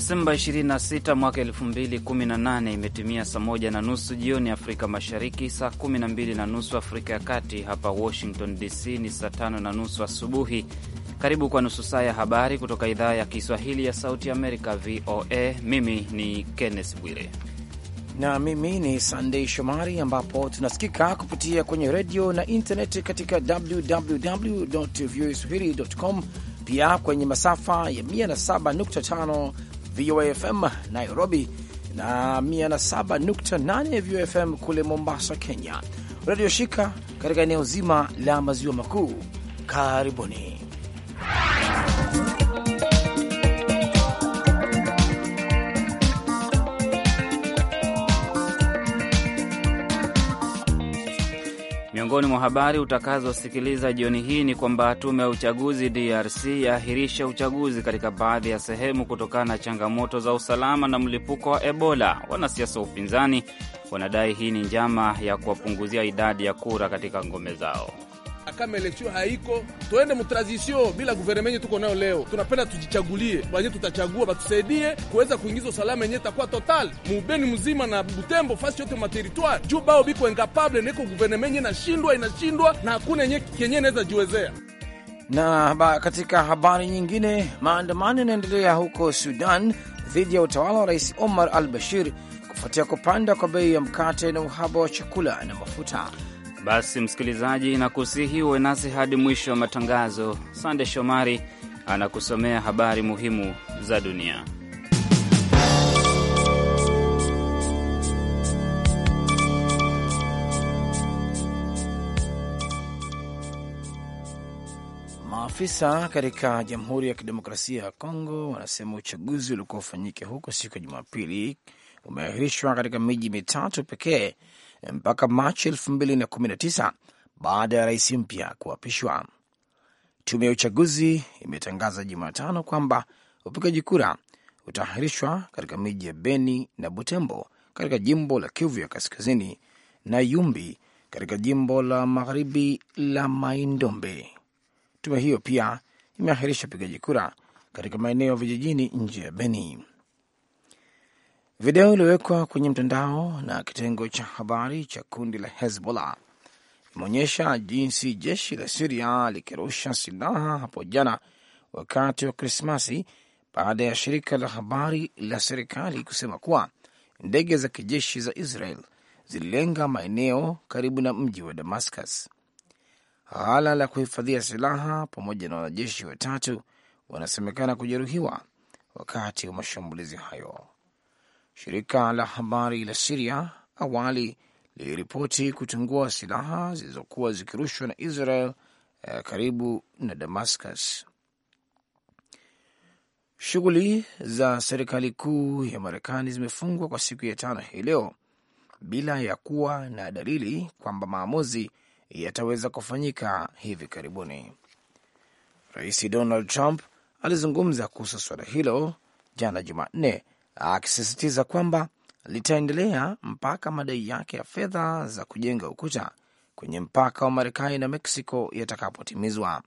Desemba 26 mwaka 2018 imetimia saa moja na nusu jioni Afrika Mashariki, saa 12 na nusu Afrika ya Kati. Hapa Washington DC ni saa tano na nusu asubuhi. Karibu kwa nusu saa ya habari kutoka idhaa ya Kiswahili ya Sauti Amerika, VOA. Mimi ni Kenneth Bwire na mimi ni Sandei Shomari, ambapo tunasikika kupitia kwenye redio na intaneti katika www voaswahili com, pia kwenye masafa ya 107.5 VOFM Nairobi na 107.8 VOFM kule Mombasa, Kenya, radio shika katika eneo zima la maziwa makuu. Karibuni. Miongoni mwa habari utakazosikiliza jioni hii ni kwamba tume ya uchaguzi DRC yaahirisha uchaguzi katika baadhi ya sehemu kutokana na changamoto za usalama na mlipuko wa Ebola. Wanasiasa wa upinzani wanadai hii ni njama ya kuwapunguzia idadi ya kura katika ngome zao kama eleksio haiko, tuende mtranzisio bila guvernemenye tuko nayo leo. Tunapenda tujichagulie wenyewe, tutachagua batusaidie kuweza kuingiza usalama yenyewe itakuwa total mubeni mzima na Butembo, fasi yote materitwari juu bao biko incapable niko guvernemenye inashindwa inashindwa na hakuna yenye kenye inaweza jiwezea. Na ba, katika habari nyingine, maandamano yanaendelea huko Sudan dhidi ya utawala wa Rais Omar al Bashir kufuatia kupanda kwa bei ya mkate na uhaba wa chakula na mafuta. Basi msikilizaji, nakusihi uwe nasi hadi mwisho wa matangazo. Sande Shomari anakusomea habari muhimu za dunia. Maafisa katika Jamhuri ya Kidemokrasia ya Kongo wanasema uchaguzi uliokuwa ufanyike huko siku ya Jumapili umeahirishwa katika miji mitatu pekee mpaka Machi 2019 baada ya rais mpya kuapishwa. Tume ya uchaguzi imetangaza Jumatano kwamba upigaji kura utaahirishwa katika miji ya Beni na Butembo katika jimbo la Kivu ya Kaskazini na Yumbi katika jimbo la Magharibi la Maindombe. Tume hiyo pia imeahirisha upigaji kura katika maeneo ya vijijini nje ya Beni. Video iliyowekwa kwenye mtandao na kitengo cha habari cha kundi la Hezbollah imeonyesha jinsi jeshi la Siria likirusha silaha hapo jana wakati wa Krismasi baada ya shirika la habari la serikali kusema kuwa ndege za kijeshi za Israel zililenga maeneo karibu na mji wa Damascus. Ghala la kuhifadhia silaha pamoja na wanajeshi watatu wanasemekana kujeruhiwa wakati wa mashambulizi hayo. Shirika la habari la Siria awali liliripoti kutungua silaha zilizokuwa zikirushwa na Israel eh, karibu na Damascus. Shughuli za serikali kuu ya Marekani zimefungwa kwa siku ya tano hii leo bila ya kuwa na dalili kwamba maamuzi yataweza kufanyika hivi karibuni. Rais Donald Trump alizungumza kuhusu suala hilo jana Jumanne akisisitiza kwamba litaendelea mpaka madai yake ya fedha za kujenga ukuta kwenye mpaka wa Marekani na Meksiko yatakapotimizwa.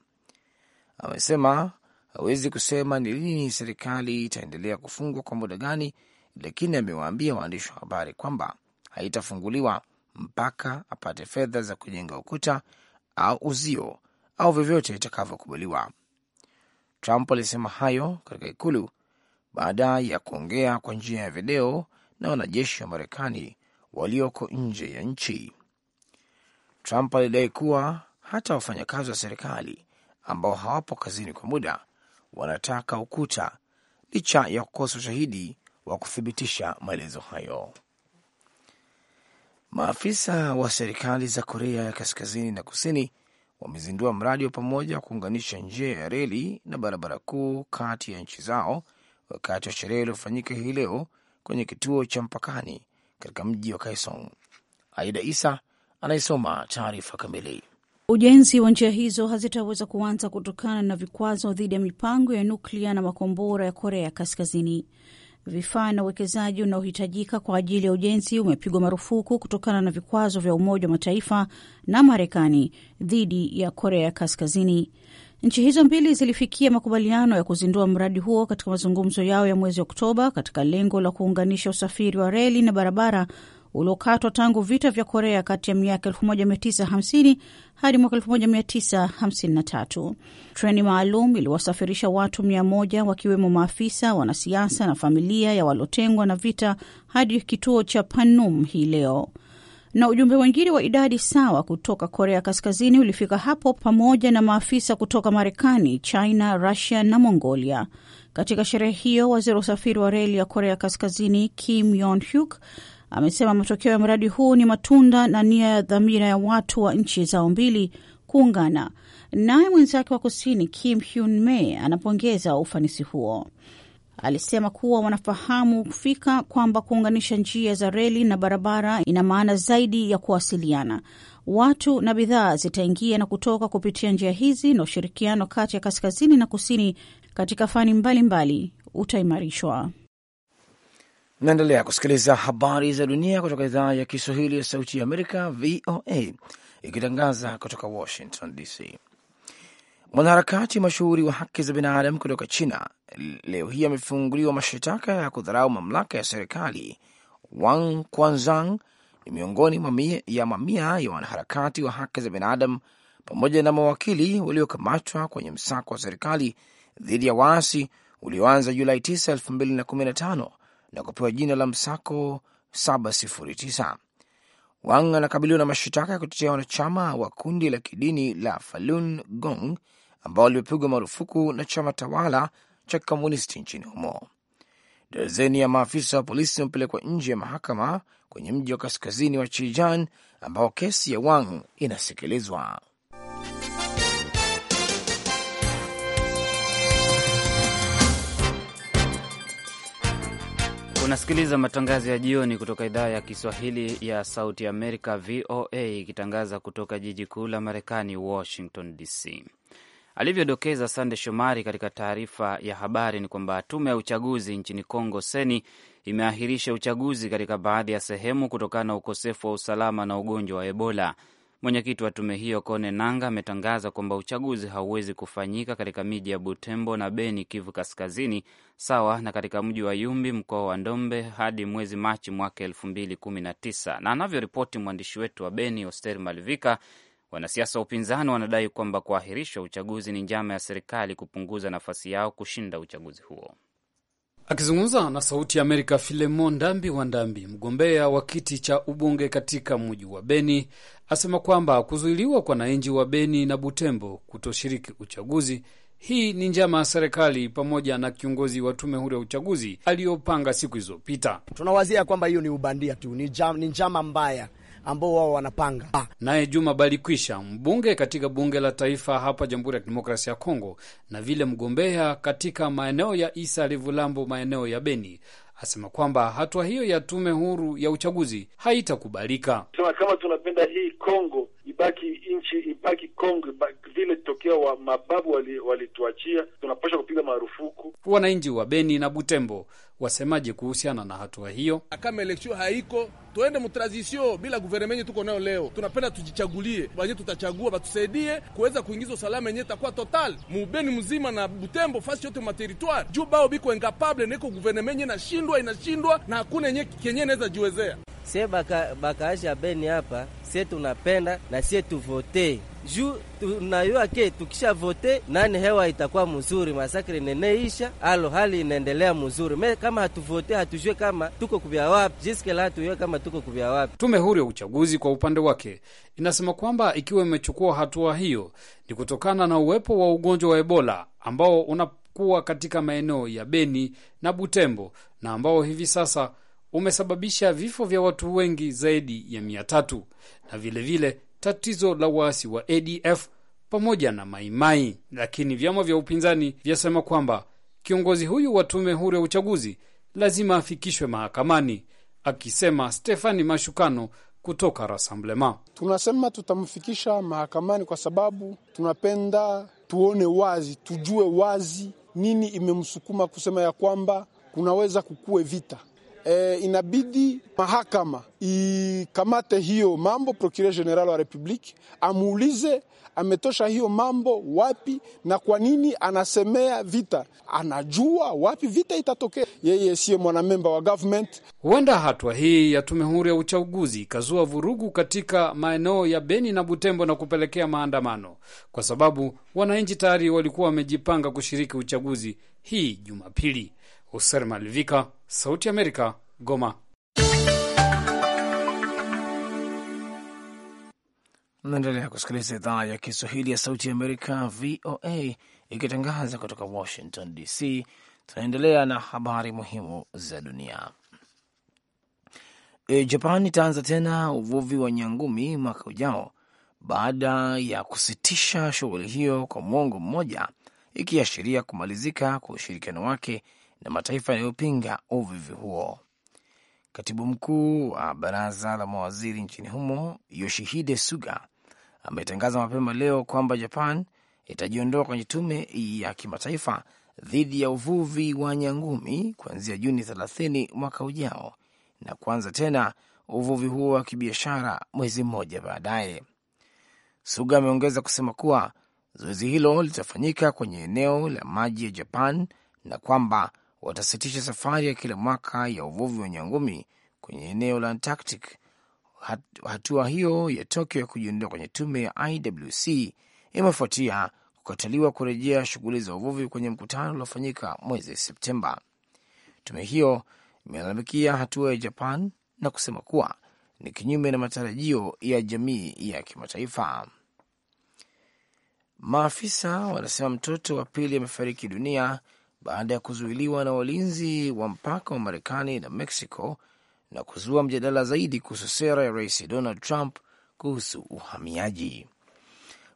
Amesema hawezi kusema ni lini serikali itaendelea kufungwa kwa muda gani, lakini amewaambia waandishi wa habari kwamba haitafunguliwa mpaka apate fedha za kujenga ukuta au uzio au vyovyote itakavyokubaliwa. Trump alisema hayo katika ikulu baada ya kuongea kwa njia ya video na wanajeshi wa Marekani walioko nje ya nchi. Trump alidai kuwa hata wafanyakazi wa serikali ambao hawapo kazini kwa muda wanataka ukuta licha ya kukosa ushahidi wa kuthibitisha maelezo hayo. Maafisa wa serikali za Korea ya Kaskazini na Kusini wamezindua mradi wa pamoja wa kuunganisha njia ya reli na barabara kuu kati ya nchi zao wakati wa sherehe iliyofanyika hii leo kwenye kituo cha mpakani katika mji wa Kaesong. Aida Isa anayesoma taarifa kamili. Ujenzi wa njia hizo hazitaweza kuanza kutokana na vikwazo dhidi ya mipango ya nuklia na makombora ya Korea Kaskazini. Vifaa na uwekezaji unaohitajika kwa ajili ya ujenzi umepigwa marufuku kutokana na vikwazo vya Umoja wa Mataifa na Marekani dhidi ya Korea Kaskazini. Nchi hizo mbili zilifikia makubaliano ya kuzindua mradi huo katika mazungumzo yao ya mwezi Oktoba, katika lengo la kuunganisha usafiri wa reli na barabara uliokatwa tangu vita vya Korea kati ya miaka 1950 hadi mwaka 1953. Treni maalum iliwasafirisha watu 1 wakiwemo maafisa, wanasiasa na familia ya waliotengwa na vita hadi kituo cha Panmunjom hii leo na ujumbe wengine wa idadi sawa kutoka Korea Kaskazini ulifika hapo pamoja na maafisa kutoka Marekani, China, Rusia na Mongolia. Katika sherehe hiyo, waziri wa usafiri wa reli ya Korea Kaskazini Kim Yon Hyuk amesema matokeo ya mradi huu ni matunda na nia ya dhamira ya watu wa nchi zao mbili kuungana. Naye mwenzake wa kusini Kim Hyun Mei anapongeza ufanisi huo. Alisema kuwa wanafahamu kufika kwamba kuunganisha njia za reli na barabara ina maana zaidi ya kuwasiliana. Watu na bidhaa zitaingia na kutoka kupitia njia hizi, na ushirikiano kati ya kaskazini na kusini katika fani mbalimbali utaimarishwa. Naendelea kusikiliza habari za dunia kutoka idhaa ya Kiswahili ya Sauti ya Amerika, VOA, ikitangaza kutoka Washington DC. Mwanaharakati mashuhuri wa haki za binadamu kutoka China leo hii amefunguliwa mashitaka ya kudharau mamlaka ya serikali. Wang Quanzang ni miongoni ya mamia ya wanaharakati wa haki za binadamu pamoja na mawakili waliokamatwa kwenye msako wa serikali dhidi ya waasi ulioanza Julai 9, 2015 na kupewa jina la msako 709. Wang anakabiliwa na mashitaka ya kutetea wanachama wa kundi la kidini la Falun Gong ambao limepigwa marufuku na chama tawala cha kikomunisti nchini humo. Darzeni ya maafisa wa polisi wamepelekwa nje ya mahakama kwenye mji wa kaskazini wa Chijan ambao kesi ya Wang inasikilizwa. Unasikiliza matangazo ya jioni kutoka idhaa ya Kiswahili ya Sauti ya Amerika, VOA, ikitangaza kutoka jiji kuu la Marekani, Washington DC. Alivyodokeza Sande Shomari katika taarifa ya habari ni kwamba tume ya uchaguzi nchini congo seni imeahirisha uchaguzi katika baadhi ya sehemu kutokana na ukosefu wa usalama na ugonjwa wa Ebola. Mwenyekiti wa tume hiyo Kone Nanga ametangaza kwamba uchaguzi hauwezi kufanyika katika miji ya Butembo na Beni, Kivu Kaskazini, sawa na katika mji wa Yumbi, mkoa wa Ndombe, hadi mwezi Machi mwaka elfu mbili kumi na tisa. Na anavyoripoti mwandishi wetu wa Beni, Oster Malivika, Wanasiasa wa upinzani wanadai kwamba kuahirishwa uchaguzi ni njama ya serikali kupunguza nafasi yao kushinda uchaguzi huo. Akizungumza na Sauti ya Amerika, Filemon Ndambi wa Ndambi, mgombea wa kiti cha ubunge katika mji wa Beni, asema kwamba kuzuiliwa kwa wananchi wa Beni na Butembo kutoshiriki uchaguzi, hii ni njama ya serikali pamoja na kiongozi wa tume huru ya uchaguzi aliyopanga siku ilizopita. Tunawazia kwamba hiyo ni ubandia tu, ni njama mbaya ambao wao wanapanga. Ah, naye Juma Balikwisha, mbunge katika bunge la taifa hapa Jamhuri ya Kidemokrasia ya Kongo, na vile mgombea katika maeneo ya Isa Livulambo, maeneo ya Beni, asema kwamba hatua hiyo ya tume huru ya uchaguzi haitakubalika. Sema kama tunapenda hii Kongo ibaki nchi ibaki Kongo vile tokea wa mababu walituachia, wali tunapasha kupiga marufuku. Wananchi wa Beni na Butembo wasemaje kuhusiana na hatua hiyo? Kama election haiko, tuende mtranzisio bila guvernemenye tuko nayo leo. Tunapenda tujichagulie wenyewe, tutachagua batusaidie kuweza kuingiza usalama yenyewe takuwa total mubeni mzima na Butembo, fasi yote materitwari juu bao biko engapable niko guvernemenye inashindwa inashindwa na hakuna yenye kenye naweza jiwezea. Sie bakaasha baka beni hapa, sie tunapenda na sie tuvote juu tunayua ke tukisha vote nani hewa itakuwa mzuri, masakre neneisha, alo hali inaendelea mzuri. Me kama hatuvote hatujue kama tuko kuvya wapi, jiske la hatujue kama tuko kuvya wapi. Tume huru ya uchaguzi kwa upande wake inasema kwamba ikiwa imechukua hatua hiyo ni kutokana na uwepo wa ugonjwa wa Ebola ambao unakuwa katika maeneo ya Beni na Butembo na ambao hivi sasa umesababisha vifo vya watu wengi zaidi ya mia tatu na vilevile vile, tatizo la waasi wa ADF pamoja na Maimai, lakini vyama vya upinzani vyasema kwamba kiongozi huyu wa tume huru ya uchaguzi lazima afikishwe mahakamani, akisema Stefani Mashukano kutoka Rassemblement. Tunasema tutamfikisha mahakamani kwa sababu tunapenda tuone wazi, tujue wazi nini imemsukuma kusema ya kwamba kunaweza kukue vita e, inabidi mahakama ikamate hiyo mambo. Procureur general wa republiki amuulize ametosha hiyo mambo wapi na kwa nini anasemea vita, anajua wapi vita itatokea. Yeye siyo mwanamemba wa government. Huenda hatua hii ya tume huru ya uchaguzi ikazua vurugu katika maeneo ya Beni na Butembo na kupelekea maandamano, kwa sababu wananchi tayari walikuwa wamejipanga kushiriki uchaguzi hii Jumapili. Hoser Malvika, Sauti Amerika, Goma. Unaendelea kusikiliza idhaa ya Kiswahili ya Sauti Amerika, VOA, ikitangaza kutoka Washington DC. Tunaendelea na habari muhimu za dunia. E, Japan itaanza tena uvuvi wa nyangumi mwaka ujao baada ya kusitisha shughuli hiyo kwa mwongo mmoja, ikiashiria kumalizika kwa ushirikiano wake na mataifa yanayopinga uvivi huo. Katibu mkuu wa baraza la mawaziri nchini humo Yoshihide Suga ametangaza mapema leo kwamba Japan itajiondoa kwenye tume ya kimataifa dhidi ya uvuvi wa nyangumi kuanzia Juni 30 mwaka ujao na kuanza tena uvuvi huo wa kibiashara mwezi mmoja baadaye. Suga ameongeza kusema kuwa zoezi hilo litafanyika kwenye eneo la maji ya Japan na kwamba watasitisha safari ya kila mwaka ya uvuvi wa nyangumi kwenye eneo la Antarctic. Hatua hiyo ya Tokyo ya kujiondoa kwenye tume ya IWC imefuatia kukataliwa kurejea shughuli za uvuvi kwenye mkutano uliofanyika mwezi Septemba. Tume hiyo imelalamikia hatua ya Japan na kusema kuwa ni kinyume na matarajio ya jamii ya kimataifa. Maafisa wanasema mtoto wa pili amefariki dunia baada ya kuzuiliwa na walinzi wa mpaka wa Marekani na Mexico na kuzua mjadala zaidi kuhusu sera ya Rais Donald Trump kuhusu uhamiaji.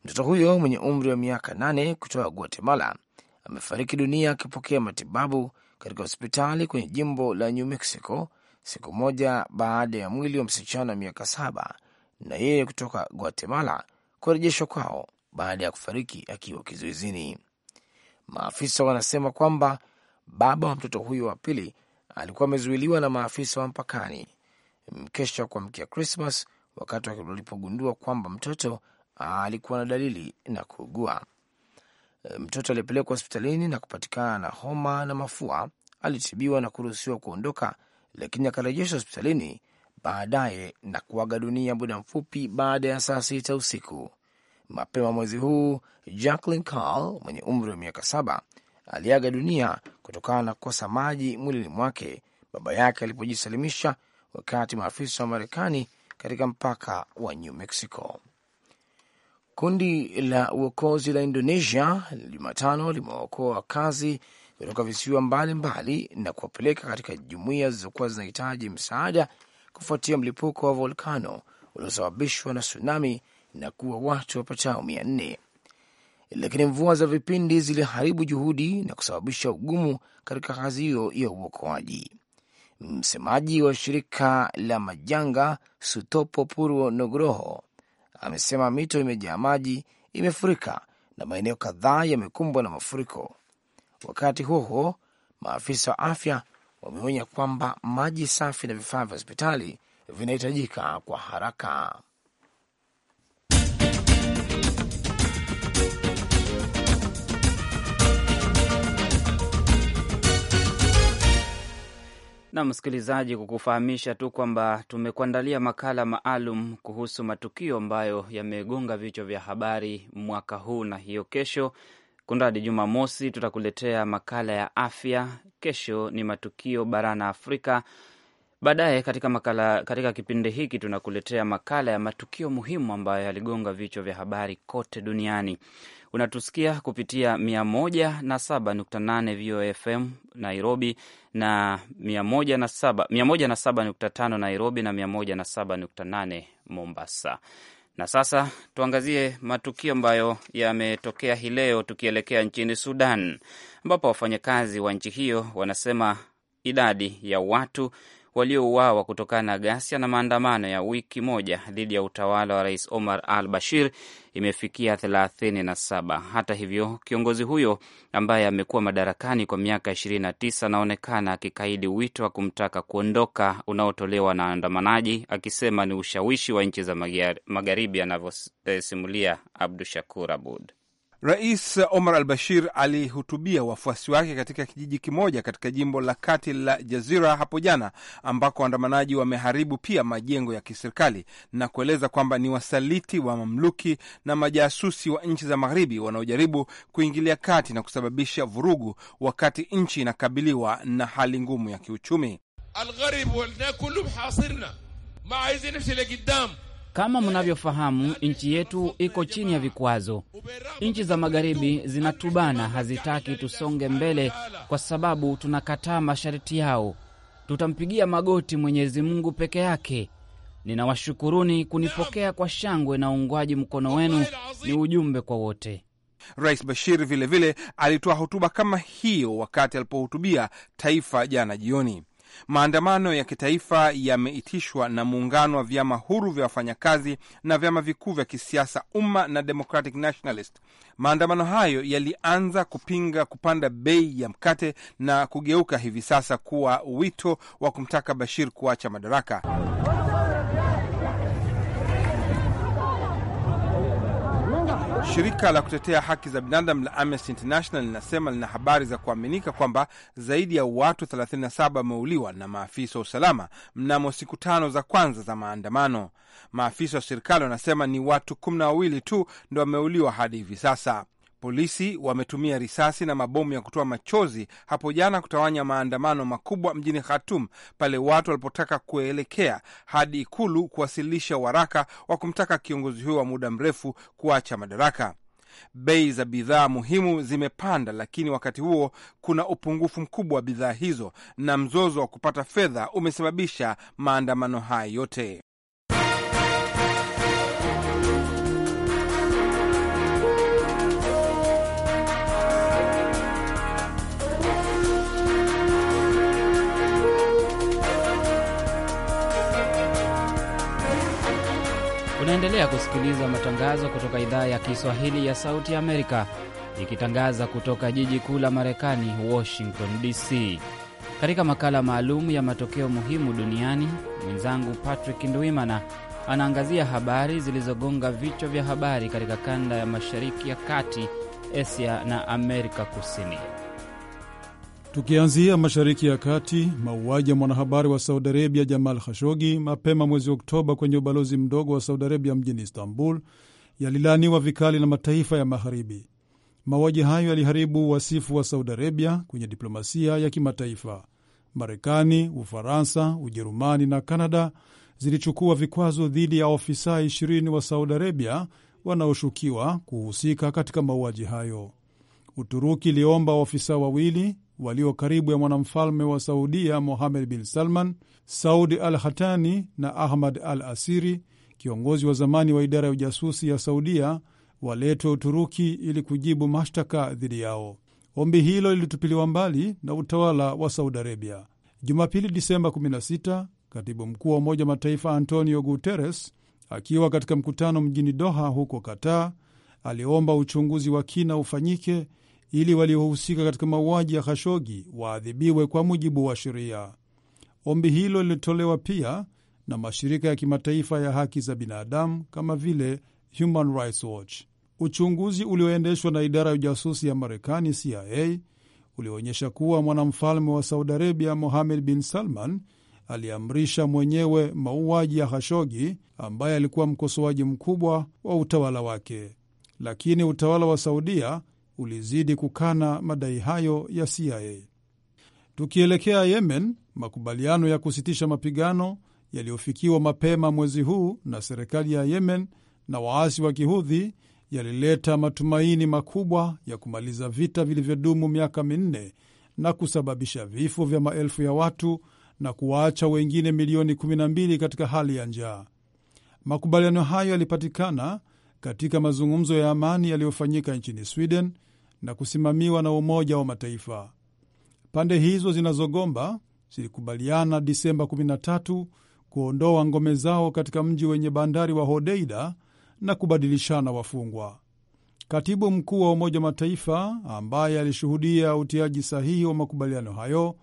Mtoto huyo mwenye umri wa miaka nane kutoka Guatemala amefariki dunia akipokea matibabu katika hospitali kwenye jimbo la New Mexico siku moja baada ya mwili wa msichana wa miaka saba na yeye kutoka Guatemala kurejeshwa kwao baada ya kufariki akiwa kizuizini. Maafisa wanasema kwamba baba wa mtoto huyo wa pili alikuwa amezuiliwa na maafisa wa mpakani mkesha wa kuamkia Krismas, wakati walipogundua kwamba mtoto alikuwa na dalili na kuugua. Mtoto alipelekwa hospitalini na kupatikana na homa na mafua. Alitibiwa na kuruhusiwa kuondoka, lakini akarejeshwa hospitalini baadaye na kuaga dunia muda mfupi baada ya saa sita usiku. Mapema mwezi huu Jacqueline Carl mwenye umri wa miaka saba aliaga dunia kutokana na kukosa maji mwilini mwake baba yake alipojisalimisha, wakati maafisa wa Marekani katika mpaka wa New Mexico. Kundi la uokozi la Indonesia Jumatano limewaokoa wakazi kutoka visiwa mbalimbali na kuwapeleka katika jumuiya zilizokuwa zinahitaji msaada kufuatia mlipuko wa volkano uliosababishwa na tsunami na kuwa watu wapatao mia nne, lakini mvua za vipindi ziliharibu juhudi na kusababisha ugumu katika kazi hiyo ya uokoaji. Msemaji wa shirika la majanga Sutopo Purwo nogroho amesema mito imejaa maji, imefurika na maeneo kadhaa yamekumbwa na mafuriko. Wakati huo huo, maafisa wa afya wameonya kwamba maji safi na vifaa vya hospitali vinahitajika kwa haraka. Na msikilizaji, kukufahamisha tu kwamba tumekuandalia makala maalum kuhusu matukio ambayo yamegonga vichwa vya habari mwaka huu, na hiyo kesho Kundadi Jumamosi tutakuletea makala ya afya. Kesho ni matukio barani Afrika Baadaye katika makala, katika kipindi hiki tunakuletea makala ya matukio muhimu ambayo yaligonga vichwa vya habari kote duniani. Unatusikia kupitia 107.8 VOFM Nairobi na 107.5 Nairobi na 107.8 Mombasa. Na sasa tuangazie matukio ambayo yametokea hii leo, tukielekea nchini Sudan ambapo wafanyakazi wa nchi hiyo wanasema idadi ya watu waliouawa kutokana na ghasia na maandamano ya wiki moja dhidi ya utawala wa Rais Omar al Bashir imefikia 37. Hata hivyo, kiongozi huyo ambaye amekuwa madarakani kwa miaka 29 anaonekana akikaidi wito wa kumtaka kuondoka unaotolewa na waandamanaji, akisema ni ushawishi wa nchi za magharibi, anavyosimulia Abdu Shakur Abud. Rais Omar al Bashir alihutubia wafuasi wake katika kijiji kimoja katika jimbo la kati la Jazira hapo jana, ambako waandamanaji wameharibu pia majengo ya kiserikali na kueleza kwamba ni wasaliti wa mamluki na majasusi wa nchi za Magharibi wanaojaribu kuingilia kati na kusababisha vurugu, wakati nchi inakabiliwa na hali ngumu ya kiuchumi. Kama mnavyofahamu, nchi yetu iko chini ya vikwazo. Nchi za magharibi zinatubana, hazitaki tusonge mbele kwa sababu tunakataa masharti yao. Tutampigia magoti Mwenyezi Mungu peke yake. Ninawashukuruni kunipokea kwa shangwe na uungwaji mkono wenu, ni ujumbe kwa wote. Rais Bashir vilevile alitoa hotuba kama hiyo wakati alipohutubia taifa jana jioni. Maandamano ya kitaifa yameitishwa na muungano wa vyama huru vya wafanyakazi na vyama vikuu vya kisiasa Umma na Democratic Nationalist. Maandamano hayo yalianza kupinga kupanda bei ya mkate na kugeuka hivi sasa kuwa wito wa kumtaka Bashir kuacha madaraka. Shirika la kutetea haki za binadamu la Amnesty International linasema lina habari za kuaminika kwamba zaidi ya watu 37 wameuliwa na maafisa wa usalama mnamo siku tano za kwanza za maandamano. Maafisa wa serikali wanasema ni watu kumi na wawili tu ndo wameuliwa hadi hivi sasa. Polisi wametumia risasi na mabomu ya kutoa machozi hapo jana kutawanya maandamano makubwa mjini khatum pale watu walipotaka kuelekea hadi ikulu kuwasilisha waraka wa kumtaka kiongozi huyo wa muda mrefu kuacha madaraka. Bei za bidhaa muhimu zimepanda, lakini wakati huo kuna upungufu mkubwa wa bidhaa hizo, na mzozo wa kupata fedha umesababisha maandamano haya yote. Unaendelea kusikiliza matangazo kutoka idhaa ya Kiswahili ya Sauti ya Amerika, ikitangaza kutoka jiji kuu la Marekani, Washington DC. Katika makala maalum ya matokeo muhimu duniani, mwenzangu Patrick Ndwimana anaangazia habari zilizogonga vichwa vya habari katika kanda ya Mashariki ya Kati, Asia na Amerika Kusini. Tukianzia mashariki ya kati, mauaji ya mwanahabari wa Saudi Arabia Jamal Khashoggi mapema mwezi Oktoba kwenye ubalozi mdogo wa Saudi Arabia mjini Istanbul yalilaaniwa vikali na mataifa ya Magharibi. Mauaji hayo yaliharibu wasifu wa Saudi Arabia kwenye diplomasia ya kimataifa. Marekani, Ufaransa, Ujerumani na Kanada zilichukua vikwazo dhidi ya ofisa ishirini wa Saudi Arabia wanaoshukiwa kuhusika katika mauaji hayo. Uturuki iliomba waofisa wawili walio karibu ya mwanamfalme wa Saudia Mohamed bin Salman, Saudi al Hatani na Ahmad al Asiri, kiongozi wa zamani wa idara ya ujasusi ya Saudia, waletwe Uturuki ili kujibu mashtaka dhidi yao. Ombi hilo lilitupiliwa mbali na utawala wa Saudi Arabia. Jumapili Disemba 16, katibu mkuu wa Umoja wa Mataifa Antonio Guterres akiwa katika mkutano mjini Doha huko Qatar aliomba uchunguzi wa kina ufanyike ili waliohusika katika mauaji ya Khashogi waadhibiwe kwa mujibu wa sheria. Ombi hilo lilitolewa pia na mashirika ya kimataifa ya haki za binadamu kama vile Human Rights Watch. Uchunguzi ulioendeshwa na idara ya ujasusi ya Marekani, CIA, ulioonyesha kuwa mwanamfalme wa Saudi Arabia Mohamed bin Salman aliamrisha mwenyewe mauaji ya Khashogi, ambaye alikuwa mkosoaji mkubwa wa utawala wake, lakini utawala wa Saudia ulizidi kukana madai hayo ya CIA. Tukielekea Yemen, makubaliano ya kusitisha mapigano yaliyofikiwa mapema mwezi huu na serikali ya Yemen na waasi wa Kihudhi yalileta matumaini makubwa ya kumaliza vita vilivyodumu miaka minne na kusababisha vifo vya maelfu ya watu na kuwaacha wengine milioni 12 katika hali ya njaa. Makubaliano hayo yalipatikana katika mazungumzo ya amani yaliyofanyika nchini Sweden na kusimamiwa na Umoja wa Mataifa. Pande hizo zinazogomba zilikubaliana Disemba 13 kuondoa ngome zao katika mji wenye bandari wa Hodeida na kubadilishana wafungwa. Katibu mkuu wa Umoja wa Mataifa ambaye alishuhudia utiaji sahihi wa makubaliano hayo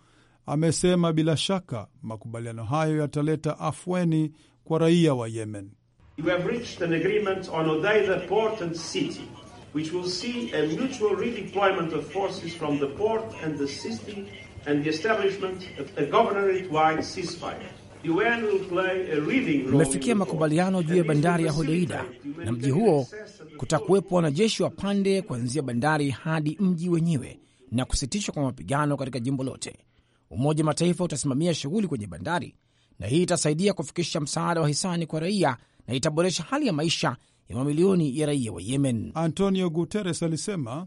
amesema bila shaka makubaliano hayo yataleta afweni kwa raia wa Yemen. have reached an agreement on Hodeida port and city which will see a mutual redeployment of forces from the port and the system and the establishment of a governorate-wide ceasefire. Mmefikia makubaliano juu ya bandari ya Hodeida na mji huo, kutakuwepo wanajeshi wa pande kuanzia bandari hadi mji wenyewe na kusitishwa kwa mapigano katika jimbo lote. Umoja wa Mataifa utasimamia shughuli kwenye bandari, na hii itasaidia kufikisha msaada wa hisani kwa raia na itaboresha hali ya maisha ya mamilioni ya raia wa Yemen. Antonio Guterres alisema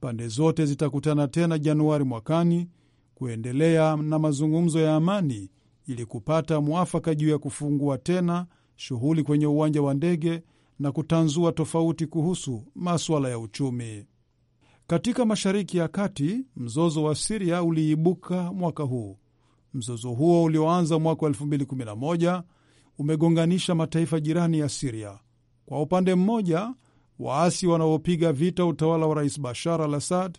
pande zote zitakutana tena Januari mwakani kuendelea na mazungumzo ya amani ili kupata mwafaka juu ya kufungua tena shughuli kwenye uwanja wa ndege na kutanzua tofauti kuhusu maswala ya uchumi. Katika Mashariki ya Kati, mzozo wa Siria uliibuka mwaka huu. Mzozo huo ulioanza mwaka 211 2011 umegonganisha mataifa jirani ya Siria. Kwa upande mmoja, waasi wanaopiga vita utawala wa Rais Bashar al Assad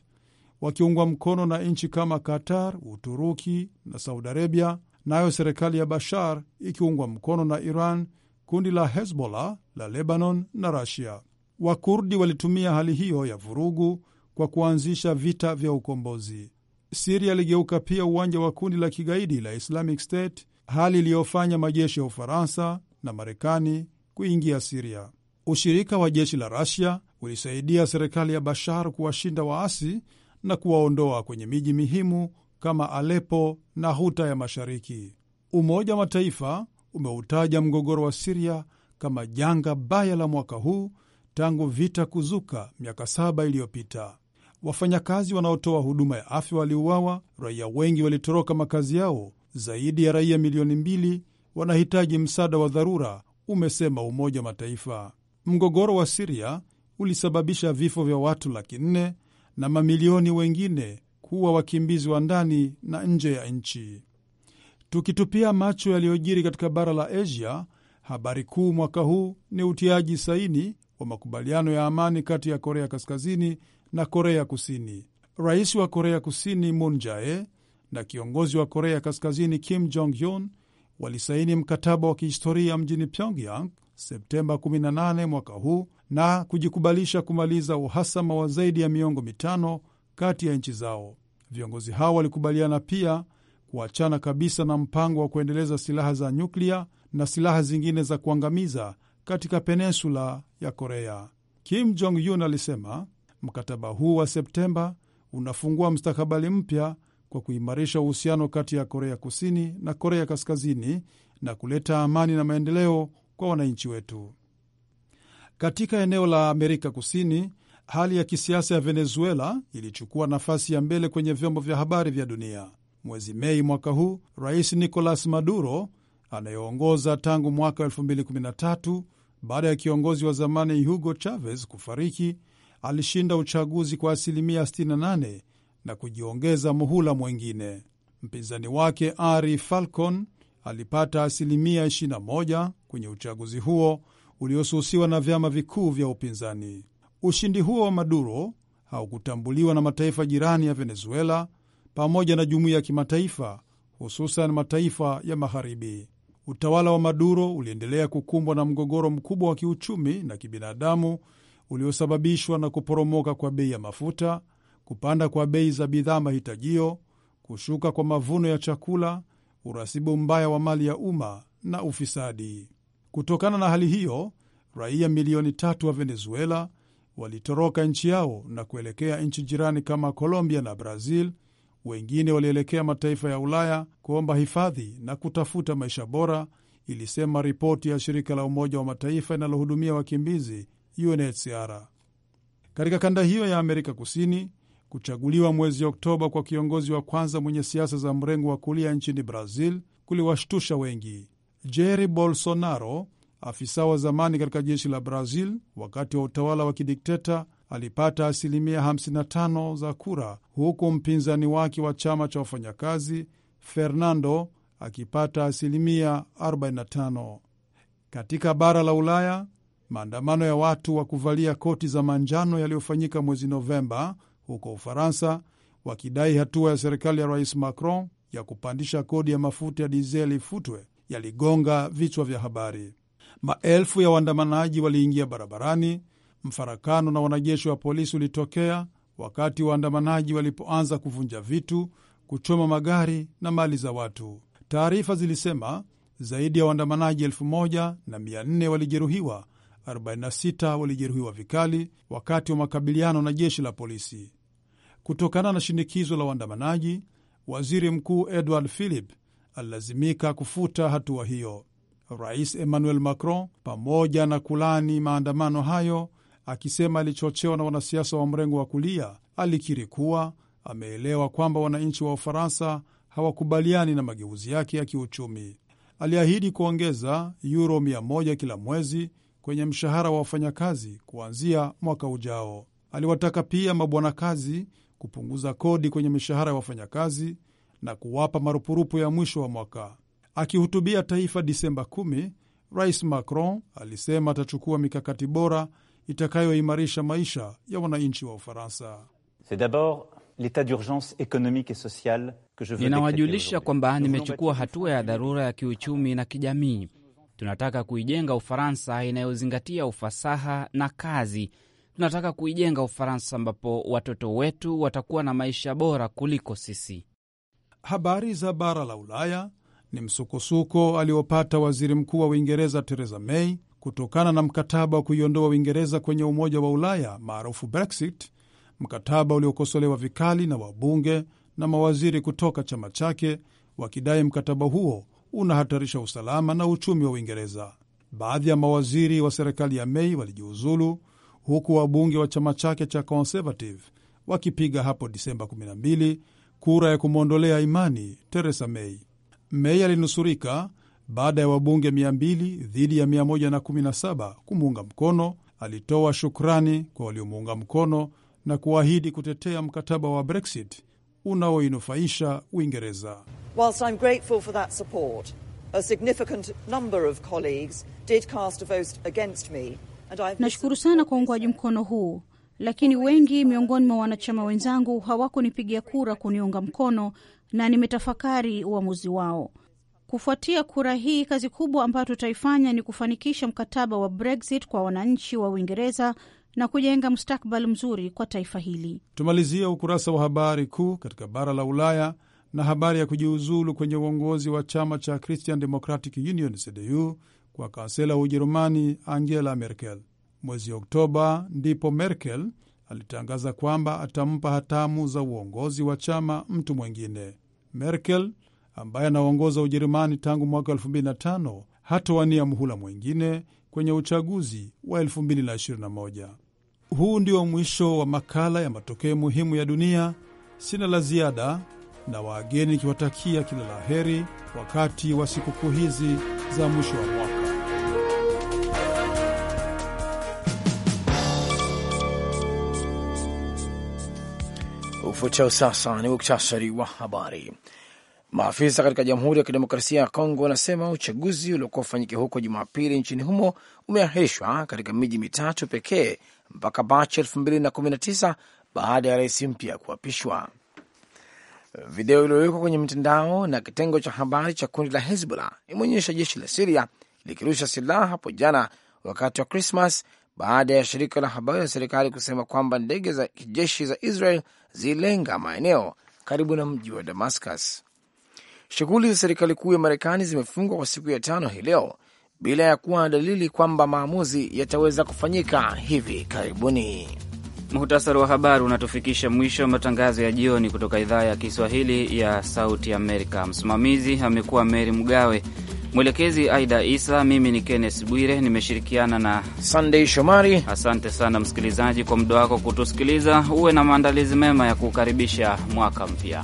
wakiungwa mkono na nchi kama Qatar, Uturuki na Saudi Arabia, nayo serikali ya Bashar ikiungwa mkono na Iran, kundi la Hezbollah la Lebanon na Rasia. Wakurdi walitumia hali hiyo ya vurugu kwa kuanzisha vita vya ukombozi. Siria iligeuka pia uwanja wa kundi la kigaidi la Islamic State, hali iliyofanya majeshi ya Ufaransa na Marekani kuingia Siria. Ushirika wa jeshi la Rasia ulisaidia serikali ya Bashar kuwashinda waasi na kuwaondoa kwenye miji muhimu kama Alepo na Huta ya Mashariki. Umoja wa Mataifa umeutaja mgogoro wa Siria kama janga baya la mwaka huu tangu vita kuzuka miaka saba iliyopita. Wafanyakazi wanaotoa huduma ya afya waliuawa, raia wengi walitoroka makazi yao, zaidi ya raia milioni mbili wanahitaji msaada wa dharura, umesema Umoja wa Mataifa. Mgogoro wa Siria ulisababisha vifo vya watu laki nne na mamilioni wengine kuwa wakimbizi wa ndani na nje ya nchi. Tukitupia macho yaliyojiri katika bara la Asia, habari kuu mwaka huu ni utiaji saini wa makubaliano ya amani kati ya Korea Kaskazini na Korea Kusini. Rais wa Korea Kusini Moon Jae na kiongozi wa Korea Kaskazini Kim Jong Un walisaini mkataba wa kihistoria mjini Pyongyang Septemba 18 mwaka huu na kujikubalisha kumaliza uhasama wa zaidi ya miongo mitano kati ya nchi zao. Viongozi hao walikubaliana pia kuachana kabisa na mpango wa kuendeleza silaha za nyuklia na silaha zingine za kuangamiza katika peninsula ya Korea. Kim Jong Un alisema mkataba huu wa Septemba unafungua mstakabali mpya kwa kuimarisha uhusiano kati ya Korea Kusini na Korea Kaskazini na kuleta amani na maendeleo kwa wananchi wetu. Katika eneo la Amerika Kusini, hali ya kisiasa ya Venezuela ilichukua nafasi ya mbele kwenye vyombo vya habari vya dunia. Mwezi Mei mwaka huu, Rais Nicolas Maduro anayeongoza tangu mwaka 2013 baada ya kiongozi wa zamani Hugo Chavez kufariki, alishinda uchaguzi kwa asilimia 68 na kujiongeza muhula mwengine. Mpinzani wake Ari Falcon alipata asilimia 21 kwenye uchaguzi huo uliosusiwa na vyama vikuu vya upinzani. Ushindi huo wa Maduro haukutambuliwa na mataifa jirani ya Venezuela pamoja na jumuiya ya kimataifa, hususan mataifa ya Magharibi. Utawala wa Maduro uliendelea kukumbwa na mgogoro mkubwa wa kiuchumi na kibinadamu uliosababishwa na kuporomoka kwa bei ya mafuta, kupanda kwa bei za bidhaa mahitajio, kushuka kwa mavuno ya chakula, urasibu mbaya wa mali ya umma na ufisadi. Kutokana na hali hiyo, raia milioni tatu wa Venezuela walitoroka nchi yao na kuelekea nchi jirani kama Colombia na Brazil. Wengine walielekea mataifa ya Ulaya kuomba hifadhi na kutafuta maisha bora, ilisema ripoti ya shirika la Umoja wa Mataifa linalohudumia wakimbizi UNHCR. Katika kanda hiyo ya Amerika Kusini, kuchaguliwa mwezi Oktoba kwa kiongozi wa kwanza mwenye siasa za mrengo wa kulia nchini Brazil kuliwashtusha wengi. Jair Bolsonaro, afisa wa zamani katika jeshi la Brazil wakati wa utawala wa kidikteta, alipata asilimia 55 za kura, huku mpinzani wake wa chama cha wafanyakazi Fernando akipata asilimia 45. Katika bara la Ulaya, maandamano ya watu wa kuvalia koti za manjano yaliyofanyika mwezi Novemba huko Ufaransa wakidai hatua ya serikali ya Rais Macron ya kupandisha kodi ya mafuta ya dizeli ifutwe yaligonga vichwa vya habari. Maelfu ya waandamanaji waliingia barabarani. Mfarakano na wanajeshi wa polisi ulitokea wakati waandamanaji walipoanza kuvunja vitu, kuchoma magari na mali za watu. Taarifa zilisema zaidi ya waandamanaji elfu moja na mia nne walijeruhiwa, 46 walijeruhiwa vikali wakati wa makabiliano na jeshi la polisi. Kutokana na shinikizo la waandamanaji, waziri mkuu Edward Philip alilazimika kufuta hatua hiyo. Rais Emmanuel Macron pamoja na kulani maandamano hayo akisema alichochewa na wanasiasa wa mrengo wa kulia, alikiri kuwa ameelewa kwamba wananchi wa Ufaransa hawakubaliani na mageuzi yake ya kiuchumi. Aliahidi kuongeza yuro 100 kila mwezi kwenye mshahara wa wafanyakazi kuanzia mwaka ujao. Aliwataka pia mabwana kazi kupunguza kodi kwenye mishahara ya wafanyakazi na kuwapa marupurupu ya mwisho wa mwaka. Akihutubia taifa Disemba 10, Rais Macron alisema atachukua mikakati bora itakayoimarisha maisha ya wananchi wa Ufaransa. Ninawajulisha kwamba nimechukua hatua ya dharura ya kiuchumi na kijamii. Tunataka kuijenga Ufaransa inayozingatia ufasaha na kazi. Tunataka kuijenga Ufaransa ambapo watoto wetu watakuwa na maisha bora kuliko sisi. Habari za bara la Ulaya ni msukosuko aliopata waziri mkuu wa Uingereza Theresa May kutokana na mkataba wa kuiondoa Uingereza kwenye Umoja wa Ulaya maarufu Brexit, mkataba uliokosolewa vikali na wabunge na mawaziri kutoka chama chake wakidai mkataba huo unahatarisha usalama na uchumi wa Uingereza. Baadhi ya mawaziri wa serikali ya Mei walijiuzulu huku wabunge wa chama chake cha Conservative wakipiga hapo Disemba kura ya kumwondolea imani teresa May. May alinusurika baada ya wabunge 200 dhidi ya 117 kumuunga mkono. Alitoa shukrani kwa waliomuunga mkono na kuahidi kutetea mkataba wa Brexit unaoinufaisha Uingereza. Nashukuru sana kwa uungwaji mkono huu lakini wengi miongoni mwa wanachama wenzangu hawakunipigia kura kuniunga mkono, na nimetafakari uamuzi wao. Kufuatia kura hii, kazi kubwa ambayo tutaifanya ni kufanikisha mkataba wa Brexit kwa wananchi wa Uingereza na kujenga mustakabali mzuri kwa taifa hili. Tumalizia ukurasa wa habari kuu katika bara la Ulaya na habari ya kujiuzulu kwenye uongozi wa chama cha Christian Democratic Union CDU kwa kansela wa Ujerumani Angela Merkel. Mwezi Oktoba ndipo Merkel alitangaza kwamba atampa hatamu za uongozi wa chama mtu mwingine. Merkel ambaye anaongoza Ujerumani tangu mwaka 2005 hatowania muhula mwingine kwenye uchaguzi wa 2021. Huu ndio mwisho wa makala ya matokeo muhimu ya dunia. Sina la ziada na wageni ikiwatakia kila la heri wakati wa sikukuu hizi za mwisho wa mwaka. Ufuatao sasa ni muktasari wa habari. Maafisa katika Jamhuri ya Kidemokrasia ya Kongo wanasema uchaguzi uliokuwa ufanyike huko Jumapili nchini humo umeahirishwa katika miji mitatu pekee mpaka Machi elfu mbili na kumi na tisa baada ya rais mpya kuapishwa. Video iliyowekwa kwenye mtandao na kitengo cha habari cha kundi la Hezbollah imeonyesha jeshi la Siria likirusha silaha hapo jana wakati wa Krismas baada ya shirika la habari la serikali kusema kwamba ndege za kijeshi za Israel zilenga maeneo karibu na mji wa Damascus. Shughuli za serikali kuu ya Marekani zimefungwa kwa siku ya tano hii leo bila ya kuwa na dalili kwamba maamuzi yataweza kufanyika hivi karibuni. Muhtasari wa habari unatufikisha mwisho wa matangazo ya jioni kutoka idhaa ya Kiswahili ya Sauti Amerika. Msimamizi amekuwa Meri Mgawe. Mwelekezi Aida Isa, mimi ni Kenneth Bwire, nimeshirikiana na Sunday Shomari. Asante sana msikilizaji kwa muda wako kutusikiliza. Uwe na maandalizi mema ya kukaribisha mwaka mpya.